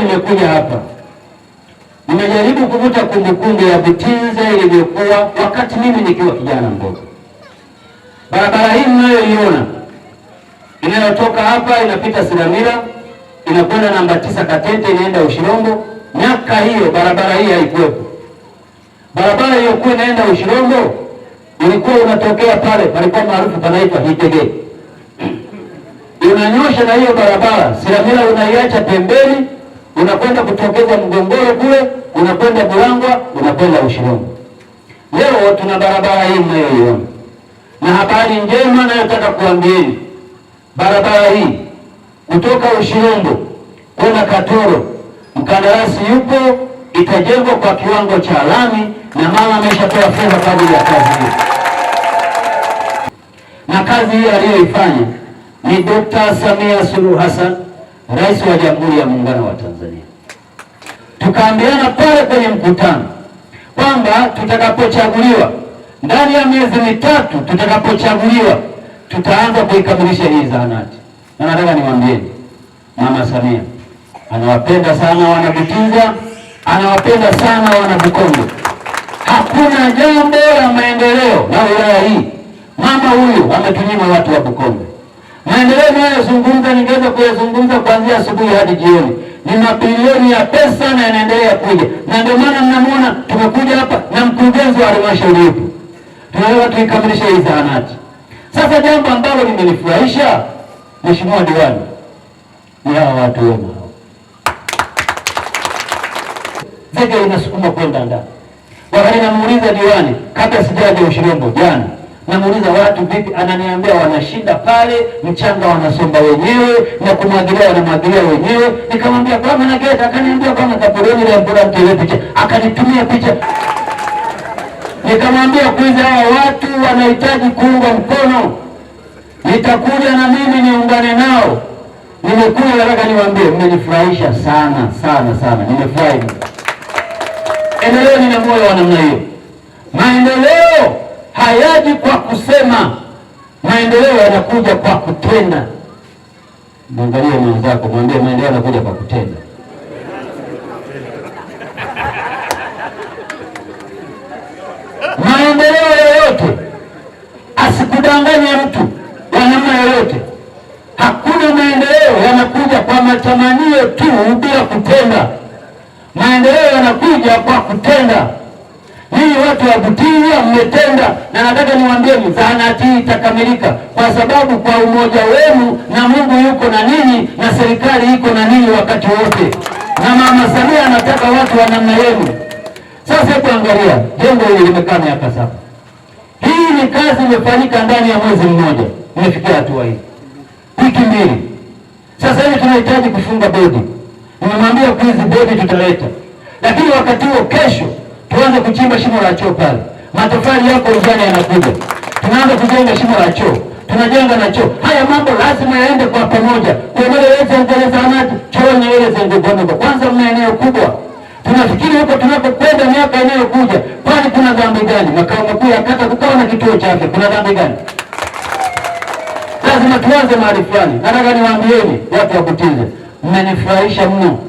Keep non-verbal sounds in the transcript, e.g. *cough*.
nimekuja hapa nimejaribu kuvuta kumbukumbu ya Butinza ilivyokuwa wakati mimi nikiwa kijana mdogo. Barabara hii mnayoiona inayotoka hapa inapita Silamira inakwenda namba tisa Katete inaenda Ushirombo. Miaka hiyo barabara hii haikuwepo. Barabara iliyokuwa inaenda Ushirombo ilikuwa unatokea pale palikuwa maarufu panaitwa Hitege, *clears throat* unanyosha na hiyo barabara Silamira unaiacha pembeni unakwenda kutokeza Mgongoro kule, unakwenda Bulangwa, unakwenda Ushirombo. Leo tuna barabara hii mnayoiona, na habari njema nayotaka kuambieni, barabara hii kutoka Ushirombo kwenda Katoro, mkandarasi yupo, itajengwa kwa kiwango cha lami, na mama ameshatoa fedha kwa ajili ya kazi hii, na kazi hii aliyoifanya ni Dokta Samia Suluhu Hassan rais wa Jamhuri ya Muungano wa Tanzania. Tukaambiana pale kwenye mkutano kwamba tutakapochaguliwa ndani ya miezi mitatu, tutakapochaguliwa tutaanza kuikamilisha hii zahanati, na nataka niwaambieni, Mama Samia anawapenda sana Wanabutinza, anawapenda sana Wanabukongo. Hakuna jambo la maendeleo la wilaya hii mama huyu ametunyima watu wa bukombe maendeleo ninayozungumza ningeweza kuyazungumza kuanzia asubuhi hadi jioni, ni mabilioni ya pesa na yanaendelea kuja, na ndio maana mnamwona tumekuja hapa na mkurugenzi wa halmashauri yetu, tunaweza tuikamilisha hii zahanati. Sasa jambo ambalo limenifurahisha Mheshimiwa Diwani ni hawa watu wema, zege inasukuma kwenda ndani. Wakati namuuliza diwani kabla sijaje Ushirombo jana namuuliza watu vipi, ananiambia wanashinda pale, mchanga wanasomba wenyewe na kumwagilia wanamwagilia wenyewe. Nikamwambia kwa maana Akaniambia bwana, kaporeni na mbona mtele picha, akanitumia picha. Nikamwambia kwanza, hawa watu wanahitaji kuungwa mkono, nitakuja na mimi niungane nao. Nimekuja nataka niwaambie, mmenifurahisha sana sana sana, nimefurahi. Endeleeni na moyo wa namna hiyo, maendeleo hayaji kwa kusema, maendeleo yanakuja kwa kutenda. Mwangalie mwenzako, mwambie maendeleo yanakuja kwa kutenda. Maendeleo yoyote, asikudanganye mtu kwa namna yoyote. Hakuna maendeleo yanakuja kwa matamanio tu bila kutenda. Maendeleo yanakuja kwa kutenda kuabudiwa mmetenda, na nataka niwaambie mzahanati hii itakamilika, kwa sababu kwa umoja wenu na Mungu yuko na ninyi na serikali iko na ninyi wakati wote, na Mama Samia anataka watu wa namna yenu. Sasa hebu angalia jengo hili limekaa miaka saba. Hii ni kazi imefanyika ndani ya mwezi mmoja, imefikia hatua hii, wiki mbili sasa hivi. Tunahitaji kufunga bodi, nimemwambia kuizi bodi tutaleta, lakini wakati huo kesho tunaanza kuchimba shimo la choo pale, matofali yako ujana yanakuja, tunaanza kujenga shimo la choo, tunajenga na choo. Haya mambo lazima yaende kwa pamoja, kwemelewezengelezaanati choo nyewelezengegomba kwanza, mna eneo kubwa. Tunafikiri huko tunapokwenda miaka inayokuja, kwani kuna dhambi gani? Makao makuu ya kata kukawa na kituo chake, kuna dhambi gani? Lazima tuanze mahali fulani. Nataka niwaambieni watu wa mmenifurahisha mno